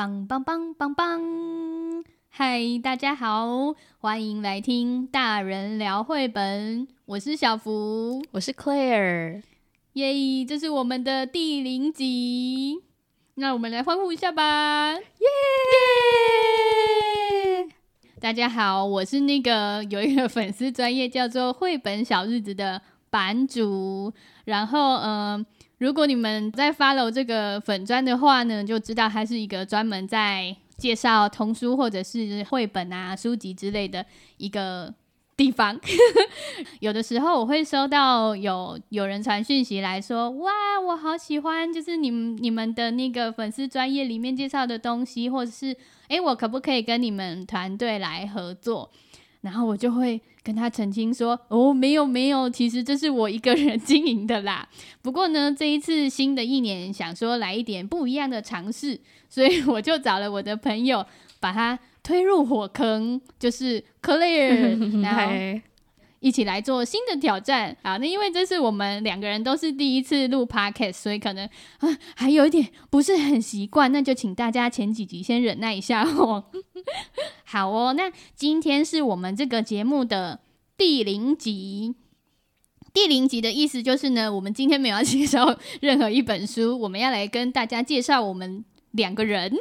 棒棒棒棒棒！嗨，大家好，歡迎來聽大人聊繪本。我是小福，我是 Claire，耶！Yeah, 這是我們的第零集，那我們來歡呼一下吧！耶、yeah! yeah!！大家好，我是那個有一個粉絲專頁叫做“繪本小日子”的版主，然後嗯。呃如果你們在 follow 這個粉專的話呢，就知道它是一個專門在介紹童書或者是繪本啊、書籍之類的一個地方。 有的時候我會收到有有人傳訊息來說：“哇，我好喜歡，就是你們你們的那個粉絲專頁裡面介紹的東西，或者是誒，我可不可以跟你們團隊來合作？”然後我就會。跟他澄清說：“哦，沒有沒有，其實這是我一個人經營的啦。不過呢，這一次新的一年，想說來一點不一樣的嘗試，所以我就找了我的朋友，把他推入火坑，就是 Clear， 然後一起來做新的挑戰。啊，那因為這是我們兩個人都是第一次錄 Podcast，所以可能，啊，還有一點不是很習慣，那就請大家前幾集先忍耐一下哦。 ”好哦，那今天是我們這個節目的第零集。第零集的意思就是呢，我們今天沒有要介紹任何一本書，我們要來跟大家介紹我們兩個人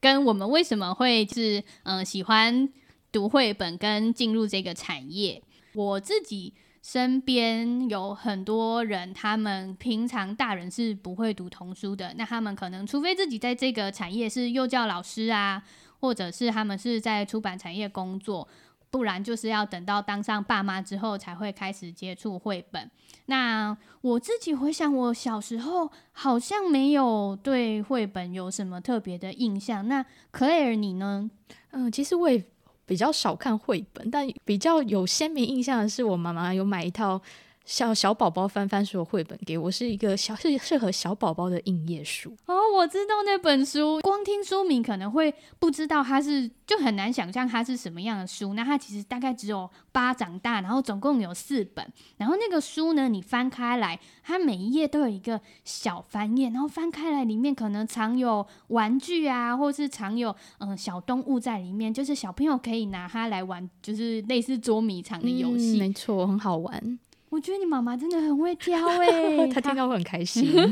跟我們為什麼會是嗯、呃、喜歡讀繪本跟進入這個產業。我自己身邊有很多人，他們平常大人是不會讀童書的，那他們可能除非自己在這個產業是幼教老師啊。或者是他們是在出版產業工作，不然就是要等到當上爸媽之後才會開始接觸繪本。那我自己回想，我小時候好像沒有對繪本有什麼特別的印象。那克萊爾你呢？嗯、呃，其實我也比較少看繪本，但比較有鮮明印象的是我媽媽有買一套。小、小寶寶翻翻書的繪本，給我是一個小、是適合小寶寶的硬頁書。哦，我知道那本書。光聽書名可能會不知道它是，就很難想象它是什麼樣的書。那它其實大概只有巴掌大，然後總共有四本。然後那個書呢，你翻開來，它每一頁都有一個小翻頁，然後翻開來裡面可能藏有玩具啊，或是藏有嗯、呃、小動物在裡面，就是小朋友可以拿它來玩，就是類似捉迷藏的遊戲、嗯。沒錯，很好玩。我覺得你媽媽真的很會挑哎、欸，她 聽到會很開心、嗯。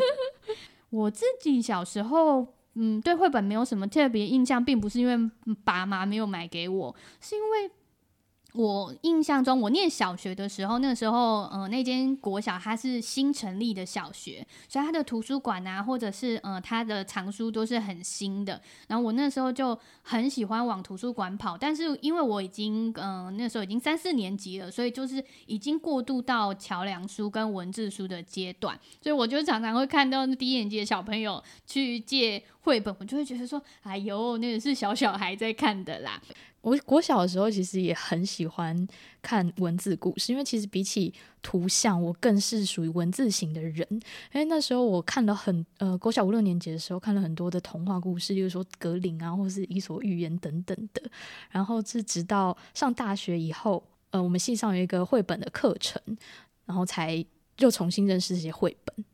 我自己小時候，嗯，對繪本沒有什麼特別印象，並不是因為爸媽沒有買給我，是因為。我印象中，我念小學的時候，那時候，嗯、呃，那間國小它是新成立的小學，所以它的圖書館啊，或者是嗯、呃，它的藏書都是很新的。然後我那時候就很喜歡往圖書館跑，但是因為我已經嗯、呃、那時候已經三四年級了，所以就是已經過渡到橋梁書跟文字書的階段，所以我就常常會看到低年級的小朋友去借繪本，我就會覺得說，哎呦，那個是小小孩在看的啦。我國小的時候其實也很喜歡看文字故事，因為其實比起圖像，我更是屬於文字型的人。因為那時候我看了很呃國小五六年級的時候看了很多的童話故事，例如說格林啊，或是伊索寓言等等的。然後是直到上大學以後，呃，我們系上有一個繪本的課程，然後才又重新認識這些繪本。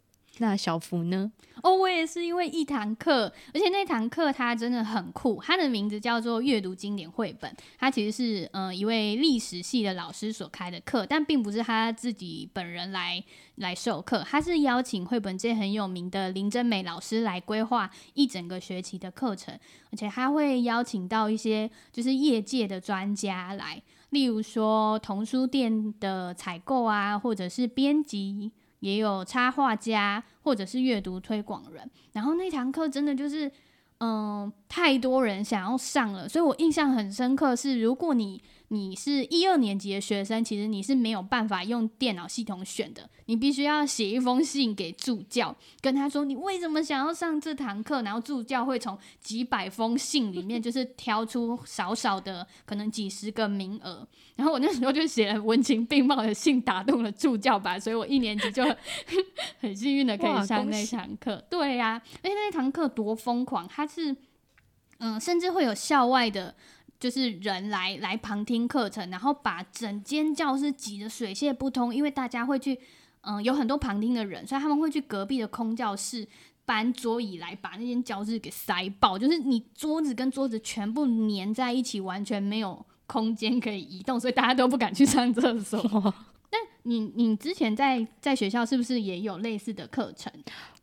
那小福呢？哦，我也是因為一堂課，而且那堂課它真的很酷，它的名字叫做閱讀經典繪本。它其實是呃一位歷史系的老師所開的課，但並不是他自己本人來來授課，他是邀請繪本界很有名的林真美老師來規劃一整個學期的課程，而且他會邀請到一些就是業界的專家來，例如說童書店的採購啊，或者是編輯。也有插畫家，或者是閱讀推廣人。然後那堂課真的就是，嗯、呃，太多人想要上了，所以我印象很深刻是，如果你。你是一二年級的學生，其實你是沒有辦法用電腦系統選的，你必須要寫一封信給助教，跟他說你為什麼想要上這堂課，然後助教會從幾百封信裡面就是挑出少少的， 可能幾十個名額。然後我那時候就寫了文情並茂的信，打動了助教吧，所以我一年級就很幸運的可以上那堂課。對呀、啊，而且那堂課多瘋狂，它是，嗯、呃，甚至會有校外的。就是人來來旁聽課程，然後把整間教室擠得水洩不通，因為大家會去，嗯、呃，有很多旁聽的人，所以他們會去隔壁的空教室搬桌椅來把那間教室給塞爆，就是你桌子跟桌子全部粘在一起，完全沒有空間可以移動，所以大家都不敢去上廁所。你你之前在在學校是不是也有類似的課程？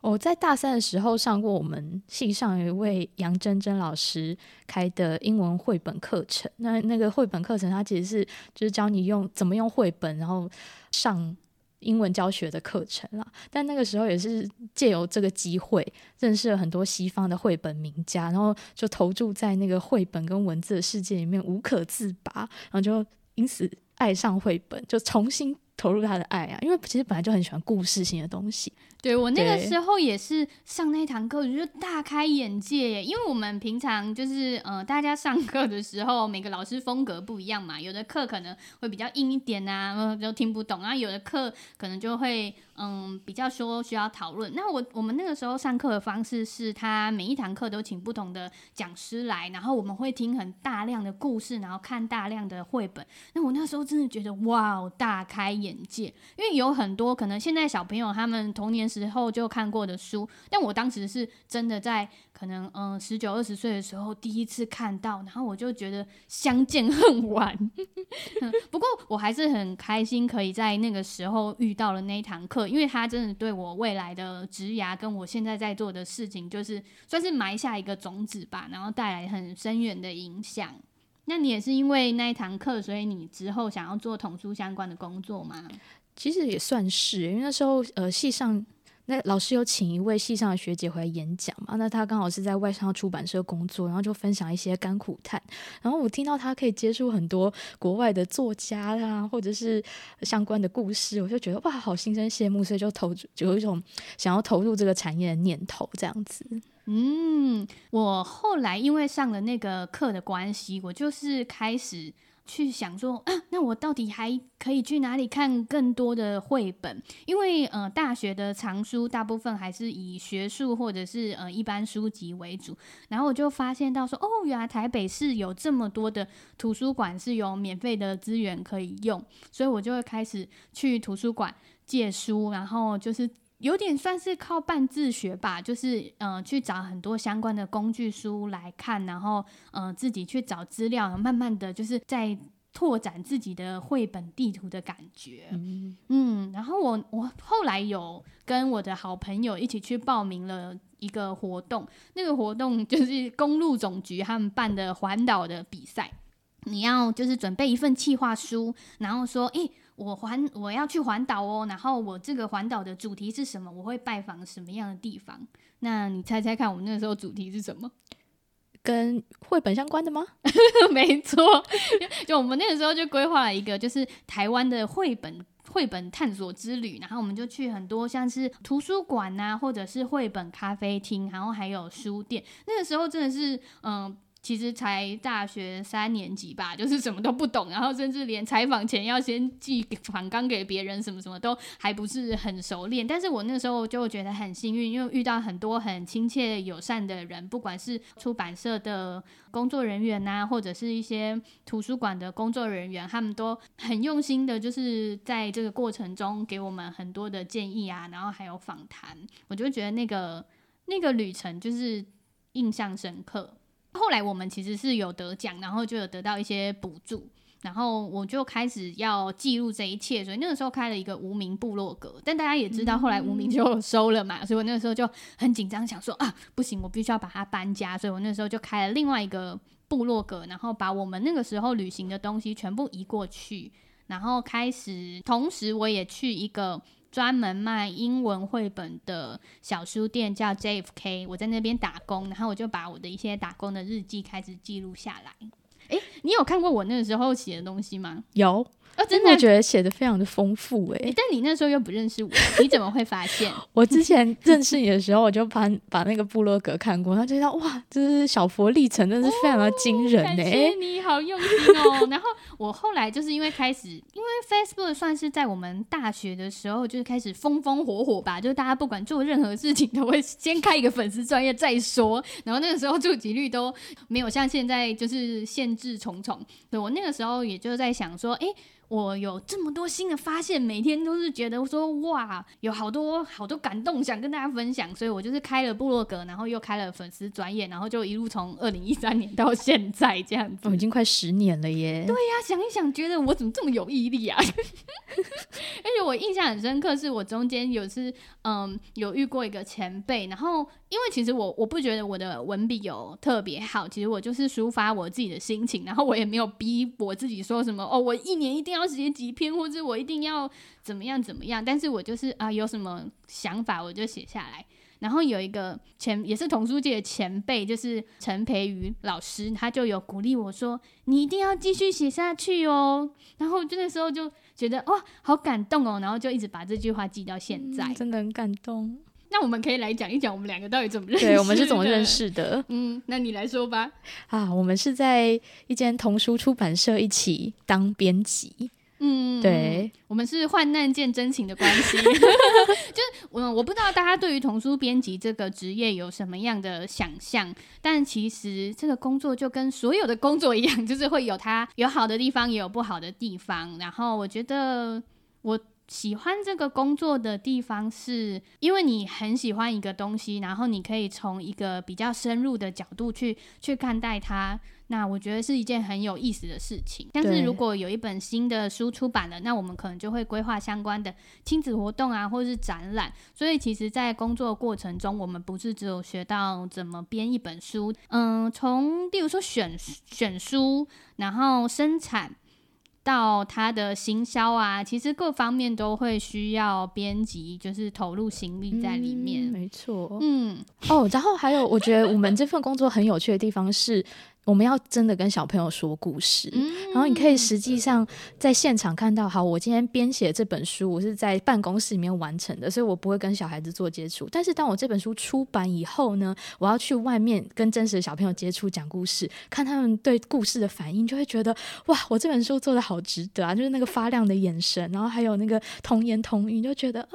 我在大三的時候上過我們系上有一位楊真真老師開的英文繪本課程。那那個繪本課程，它其實是就是教你用怎麼用繪本，然後上英文教學的課程啦。但那個時候也是借由這個機會認識了很多西方的繪本名家，然後就投注在那個繪本跟文字的世界裡面無可自拔，然後就因此愛上繪本，就重新。投入他的愛啊，因為其實本來就很喜歡故事性的東西。對，我那個時候也是上那堂課，我覺得大開眼界耶。因為我們平常就是呃，大家上課的時候，每個老師風格不一樣嘛，有的課可能會比較硬一點啊，都聽不懂啊，然後有的課可能就會。嗯，比較說需要討論。那我我們那個時候上課的方式是，他每一堂課都請不同的講師來，然後我們會聽很大量的故事，然後看大量的繪本。那我那時候真的覺得哇，大開眼界，因為有很多可能現在小朋友他們童年時候就看過的書，但我當時是真的在可能嗯十九二十歲的時候第一次看到，然後我就覺得相見恨晚。 不過我還是很開心可以在那個時候遇到了那一堂課。因為他真的對我未來的職涯，跟我現在在做的事情，就是算是埋下一個種子吧，然後帶來很深遠的影響。那你也是因為那一堂課，所以你之後想要做童書相關的工作嗎？其實也算是，因為那時候呃，系上。那老師有請一位系上的學姐回來演講嘛，那她剛好是在外商出版社工作，然後就分享一些甘苦談。然後我聽到她可以接觸很多國外的作家啦，或者是相關的故事，我就覺得哇，好心生羨慕，所以就投，就有一種想要投入這個產業的念頭，這樣子。嗯，我後來因為上了那個課的關係，我就是開始。去想說，啊，那我到底還可以去哪裡看更多的繪本？因為呃，大學的藏書大部分還是以學術或者是呃一般書籍為主。然後我就發現到說，哦，原來台北市有這麼多的圖書館是有免費的資源可以用，所以我就會開始去圖書館借書，然後就是。有點算是靠半自學吧，就是嗯、呃、去找很多相關的工具書來看，然後嗯、呃、自己去找資料，然後慢慢的就是在拓展自己的繪本地圖的感覺。嗯，嗯，然後我我後來有跟我的好朋友一起去報名了一個活動，那個活動就是公路總局他們辦的環島的比賽，你要就是準備一份企劃書，然後說誒，我環我要去環島哦，然後我這個環島的主題是什麼？我會拜訪什麼樣的地方？那你猜猜看，我們那個時候主題是什麼？跟繪本相關的嗎？ 沒錯，就我們那個時候就規劃了一個，就是台灣的繪本繪本探索之旅，然後我們就去很多像是圖書館啊，或者是繪本咖啡廳，然後還有書店。那個時候真的是嗯。呃其實才大學三年級吧，就是什麼都不懂，然後甚至連採訪前要先寄給訪綱給別人，什麼什麼都還不是很熟練。但是我那時候就覺得很幸運，因為遇到很多很親切友善的人，不管是出版社的工作人員吶、啊，或者是一些圖書館的工作人員，他們都很用心的，就是在這個過程中給我們很多的建議啊，然後還有訪談，我就覺得那個那個旅程就是印象深刻。後來我們其實是有得獎，然後就有得到一些補助，然後我就開始要記錄這一切，所以那個時候開了一個無名部落格。但大家也知道，後來無名就收了嘛、嗯，所以我那個時候就很緊張，想說啊，不行，我必須要把它搬家，所以我那時候就開了另外一個部落格，然後把我們那個時候旅行的東西全部移過去，然後開始，同時我也去一個。專門賣英文繪本的小書店叫 JFK，我在那邊打工，然後我就把我的一些打工的日記開始記錄下來。誒，你有看過我那個時候寫的東西嗎？有。我、哦、真的、啊、我覺得寫的非常的豐富哎、欸，但你那時候又不認識我， 你怎麼會發現？我之前認識你的時候，我就把 把那個部落格看過，然後覺得哇，這是小佛歷程，真的是非常的驚人哎、欸！哦、你好用心哦。 然後我後來就是因為開始，因為 Facebook 算是在我們大學的時候就是開始風風火火吧，就是大家不管做任何事情都會先開一個粉絲專頁再說。然後那個時候觸及率都沒有像現在就是限制重重。對，我那個時候也就在想說，哎、欸。我有這麼多新的發現，每天都是覺得說哇，有好多好多感動想跟大家分享，所以我就是開了部落格，然後又開了粉絲專頁，然後就一路從二零一三年到現在這樣子，我們已經快十年了耶。對呀、啊，想一想覺得我怎麼這麼有毅力啊？ 而且我印象很深刻，是我中間有一次嗯有遇過一個前輩，然後。因為其實我我不覺得我的文筆有特別好，其實我就是抒發我自己的心情，然後我也沒有逼我自己說什麼哦，我一年一定要寫幾篇，或者我一定要怎麼樣怎麼樣。但是我就是啊，有什麼想法我就寫下來。然後有一個前也是童書界的前輩，就是陳培瑜老師，他就有鼓勵我說：“你一定要繼續寫下去哦。”然後就那時候就覺得哇，好感動哦，然後就一直把這句話記到現在，嗯，真的很感動。那我們可以來講一講我們兩個到底怎麼認識的？對，我們是怎麼認識的？嗯，那你來說吧。啊，我們是在一間童書出版社一起當編輯。嗯，對，嗯，我們是患難見真情的關係。 就是我，我不知道大家對於童書編輯這個職業有什麼樣的想象，但其實這個工作就跟所有的工作一樣，就是會有它有好的地方，也有不好的地方。然後我覺得我，喜歡這個工作的地方是，因為你很喜歡一個東西，然後你可以從一個比較深入的角度去去看待它，那我覺得是一件很有意思的事情。但是如果有一本新的書出版了，那我們可能就會規劃相關的親子活動啊，或者是展覽。所以其實，在工作過程中，我們不是只有學到怎麼編一本書，嗯、呃，從，例如說選選書，然後生產。到他的行銷啊，其實各方面都會需要編輯，就是投入心力在裡面。嗯、沒錯，嗯，哦，然後還有，我覺得我們這份工作很有趣的地方是。我們要真的跟小朋友說故事、嗯，然後你可以實際上在現場看到。好，我今天編寫這本書，我是在辦公室裡面完成的，所以我不會跟小孩子做接觸。但是當我這本書出版以後呢，我要去外面跟真實的小朋友接觸，講故事，看他們對故事的反應，就會覺得哇，我這本書做得好值得啊！就是那個發亮的眼神，然後還有那個童言童語，你就覺得啊，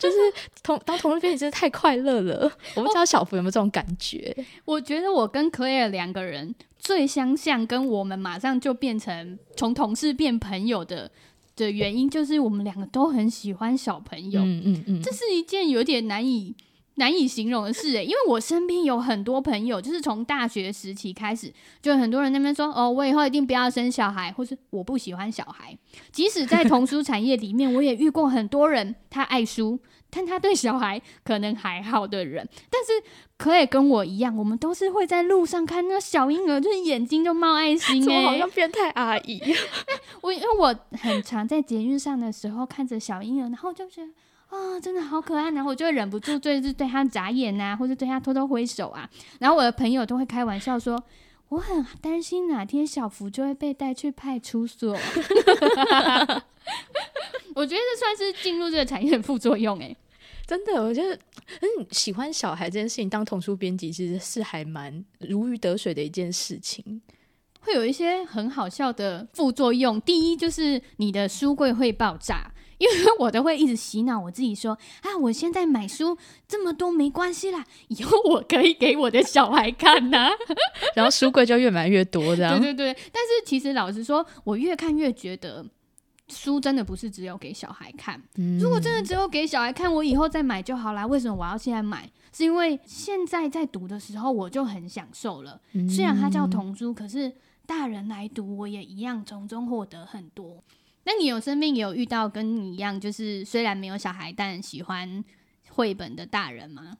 就是童，當兒童編輯，真的太快樂了。 我不知道小福有沒有這種感覺？我覺得我跟 Claire 兩個人。最相像跟我們馬上就變成從同事變朋友的的原因，就是我們兩個都很喜歡小朋友。嗯嗯嗯。這是一件有點難以難以形容的是，欸，誒，因為我身邊有很多朋友，就是從大學時期開始，就很多人那邊說，哦，我以後一定不要生小孩，或是我不喜歡小孩。即使在童書產業裡面，我也遇過很多人，他愛書， 但他對小孩可能還好的人，但是可以跟我一樣，我們都是會在路上看那小嬰兒，就是眼睛就冒愛心，欸，哦，好像變態阿姨。欸，我因為我很常在捷運上的時候看着小嬰兒，然後就是……啊、哦，真的好可愛，然後我就會忍不住對，對他眨眼吶、啊，或者對他偷偷揮手啊。然後我的朋友都會開玩笑說，我很擔心哪天小福就會被帶去派出所。 我覺得這算是進入這個產業的副作用哎、欸，真的，我覺得很喜歡小孩這件事情，當童書編輯其實是還蠻如魚得水的一件事情，會有一些很好笑的副作用。第一就是你的書櫃會爆炸。因為我都會一直洗腦我自己說啊，我現在買書這麼多沒關係啦，以後我可以給我的小孩看吶、啊， 然後書櫃就越買越多這樣。 對對對，但是其實老實說，我越看越覺得書真的不是只有給小孩看、嗯。如果真的只有給小孩看，我以後再買就好啦。為什麼我要現在買？是因為現在在讀的時候我就很享受了。嗯、雖然它叫童書，可是大人來讀我也一樣從中獲得很多。那你有身邊有遇到跟你一樣，就是雖然沒有小孩，但喜歡繪本的大人嗎？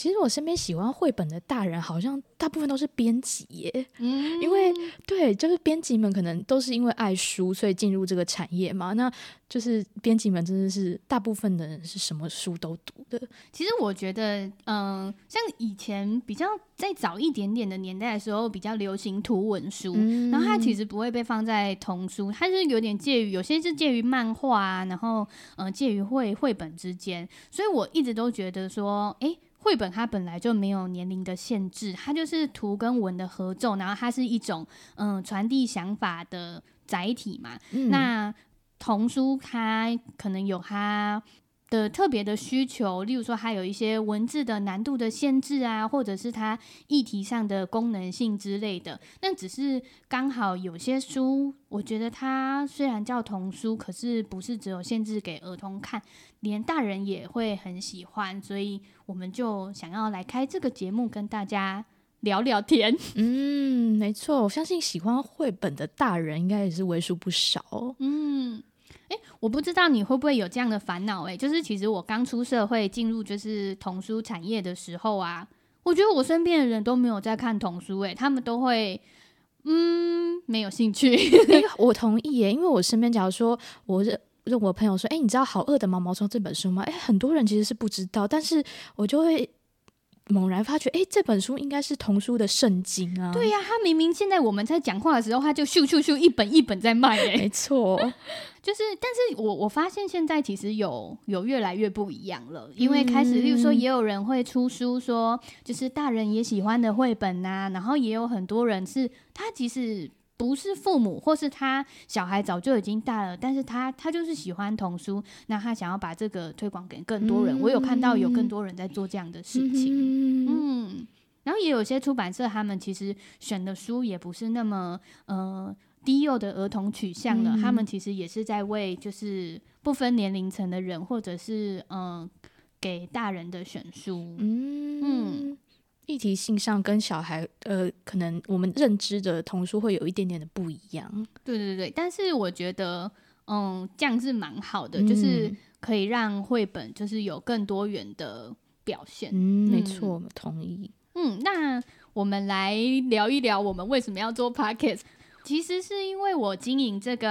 其實我身邊喜歡繪本的大人，好像大部分都是編輯耶、嗯。因為對，就是編輯們可能都是因為愛書，所以進入這個產業嘛。那就是編輯們真的是大部分的人是什麼書都讀的。其實我覺得，嗯，像以前比較再早一點點的年代的時候，比較流行圖文書、嗯，然後它其實不會被放在童書，它是有點介於，有些是介於漫畫、啊，然後嗯，介於繪繪本之間。所以我一直都覺得說，哎、欸。繪本它本來就沒有年齡的限制，它就是圖跟文的合奏，然後它是一種嗯傳遞想法的載體嘛。嗯、那童書它可能有它。的特別的需求，例如說，還有一些文字的難度的限制啊，或者是它議題上的功能性之類的。那只是剛好有些書，我覺得它雖然叫童書，可是不是只有限制給兒童看，連大人也會很喜歡。所以我們就想要來開這個節目，跟大家聊聊天。嗯，沒錯，我相信喜歡繪本的大人應該也是為數不少。嗯。誒、欸，我不知道你會不會有這樣的煩惱？誒，就是其實我剛出社會進入就是童書產業的時候啊，我覺得我身邊的人都沒有在看童書、欸，誒，他們都會，嗯，沒有興趣。 欸、我同意耶、欸，因為我身邊假如說我，我認認我朋友說，誒、欸，你知道《好餓的毛毛蟲》這本書嗎？誒、欸，很多人其實是不知道，但是我就會。猛然發覺，哎、欸，這本書應該是童書的聖經啊！對呀、啊，他明明現在我們在講話的時候，他就咻咻咻一本一本在賣、欸、沒錯， 就是，但是我我發現現在其實有有越來越不一樣了，因為開始，例如說，也有人會出書說、嗯，就是大人也喜歡的繪本吶、啊，然後也有很多人是他其實。不是父母，或是他小孩早就已經大了，但是他他就是喜歡童書，那他想要把這個推廣給更多人。嗯，我有看到有更多人在做這樣的事情。嗯，嗯，然後也有些出版社他們其實選的書也不是那麼呃低幼的兒童取向的，嗯，他們其實也是在為就是不分年齡層的人，或者是嗯，呃，給大人的選書，嗯。嗯議題性上跟小孩，呃，可能我們認知的童書會有一點點的不一樣。對對對，但是我覺得，嗯，這樣是蠻好的，嗯，就是可以讓繪本就是有更多元的表現。嗯嗯，沒錯，我們同意。嗯，那我們來聊一聊，我們為什麼要做 Podcast。其實是因為我經營這個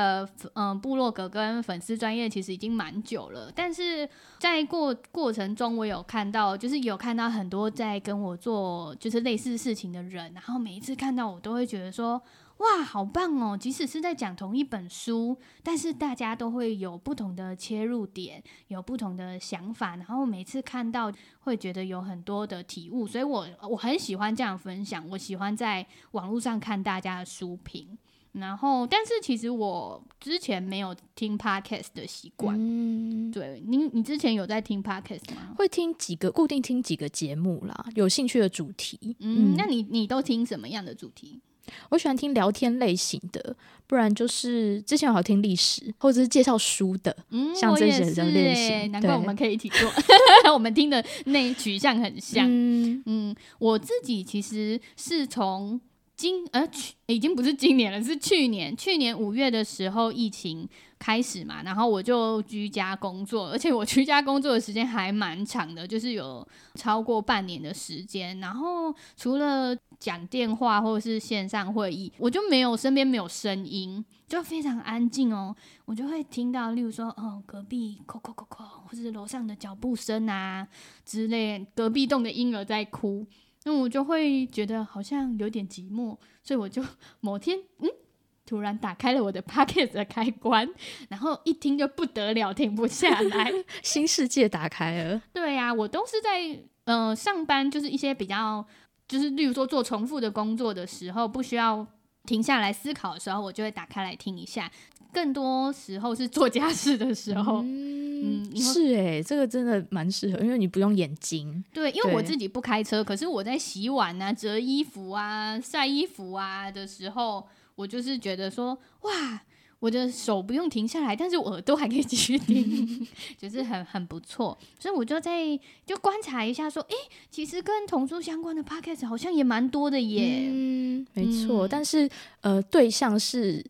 嗯、呃、部落格跟粉絲專頁，其實已經蠻久了。但是在過過程中，我有看到，就是有看到很多在跟我做就是類似事情的人，然後每一次看到，我都會覺得說。哇，好棒哦！即使是在講同一本書，但是大家都會有不同的切入點，有不同的想法，然後每次看到會覺得有很多的體悟，所以我我很喜歡這樣分享。我喜歡在網絡上看大家的書評，然後但是其實我之前沒有聽 Podcast 的習慣。嗯，對，你，你之前有在聽 Podcast 嗎？會聽幾個，固定聽幾個節目啦，有興趣的主題。嗯，嗯，那你你都聽什麼樣的主題？我喜歡聽聊天類型的，不然就是之前我有聽歷史或者是介紹書的，嗯，像這些人類型、欸。難怪我們可以一起做， 我們聽的那取向很像，嗯。嗯，我自己其實是從今呃去，已經不是今年了，是去年。去年五月的時候，疫情開始嘛，然後我就居家工作，而且我居家工作的時間還蠻長的，就是有超過半年的時間。然後除了講電話或者是線上會議，我就沒有身邊沒有聲音，就非常安靜哦。我就會聽到，例如說，哦，隔壁扣扣扣扣或者樓上的腳步聲啊之類，隔壁棟的嬰兒在哭，那我就會覺得好像有點寂寞，所以我就某天，嗯，突然打開了我的 Podcast 的開關，然後一聽就不得了，停不下來， 新世界打開了。對呀、啊，我都是在，嗯、呃、上班就是一些比較。就是，例如說做重複的工作的時候，不需要停下來思考的時候，我就會打開來聽一下。更多時候是做家事的時候，嗯，嗯是誒、欸，這個真的蠻適合，因為你不用眼睛。對，因為我自己不開車，可是我在洗碗啊、折衣服啊、曬衣服啊的時候，我就是覺得說，哇。我的手不用停下來，但是我耳朵還可以繼續聽， 就是很很不錯，所以我就在就觀察一下，說，誒，其實跟童書相關的 podcast 好像也蠻多的耶。嗯，沒錯，嗯、但是呃，對象是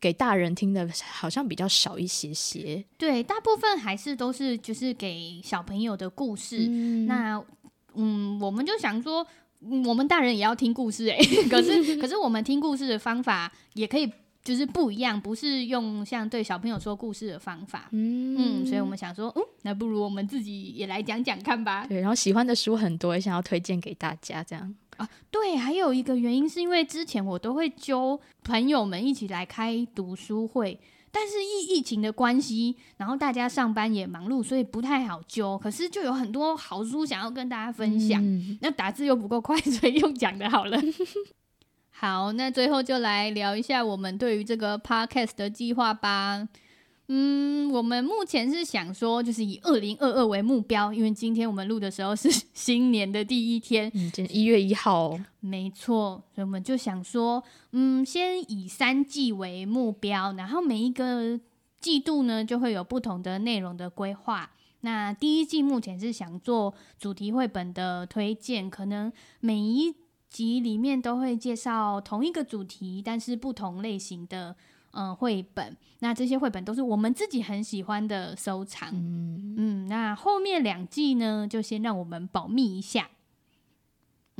給大人聽的，好像比較少一些些。對，大部分還是都是就是給小朋友的故事。嗯那嗯，我們就想說，我們大人也要聽故事誒。 可是可是我們聽故事的方法也可以就是不一樣，不是用像對小朋友說故事的方法，嗯，嗯，所以我們想說，嗯，那不如我們自己也來講講看吧。對，然後喜歡的書很多，想要推薦給大家，這樣啊。對，還有一個原因是因為之前我都會揪朋友們一起來開讀書會，但是疫疫情的關係，然後大家上班也忙碌，所以不太好揪。可是就有很多好書想要跟大家分享，嗯，那打字又不夠快，所以用講的好了。 好，那最後就來聊一下我們對於這個 Podcast 的計劃吧。嗯，我們目前是想說，就是以二零二二為目標，因為今天我們錄的時候是新年的第一天，一，嗯，1月1號哦。沒錯，所以我們就想說，嗯，先以三季為目標，然後每一個季度呢，就會有不同的內容的規劃。那第一季目前是想做主題繪本的推薦，可能每一。集裡面都會介紹同一個主題，但是不同類型的嗯、呃、繪本。那這些繪本都是我們自己很喜歡的收藏。嗯，嗯，那後面兩季呢，就先讓我們保密一下。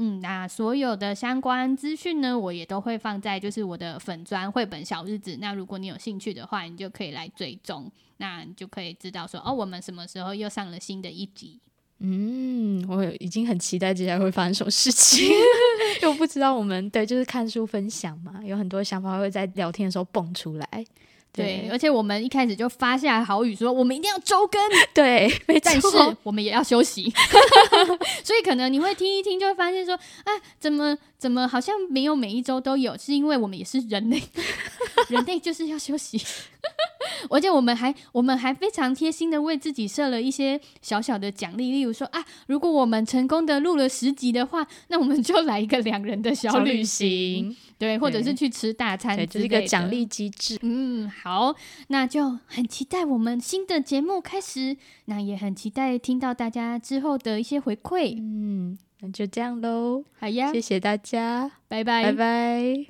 嗯，那所有的相關資訊呢，我也都會放在就是我的粉專繪本小日子。那如果你有興趣的話，你就可以來追蹤，那你就可以知道說哦，我們什麼時候又上了新的一集。嗯，我已經很期待接下來會發生什麼事情，又 不知道我們對，就是看書分享嘛，有很多想法會在聊天的時候蹦出來。對，對而且我們一開始就發下豪語，說我們一定要周更，對，沒錯，但是我們也要休息， 所以可能你會聽一聽，就會發現說，哎、啊，怎麼怎麼好像沒有每一周都有，是因為我們也是人類， 人類就是要休息。 而且我們還我們還非常貼心地為自己設了一些小小的獎勵，例如說啊，如果我們成功的錄了十集的話，那我們就來一個兩人的小旅行，小旅行。嗯，對，或者是去吃大餐，對，就是一個獎勵機制。嗯，好，那就很期待我們新的節目開始，那也很期待聽到大家之後的一些回饋。嗯，那就這樣嘍，好呀，謝謝大家，拜拜，拜拜。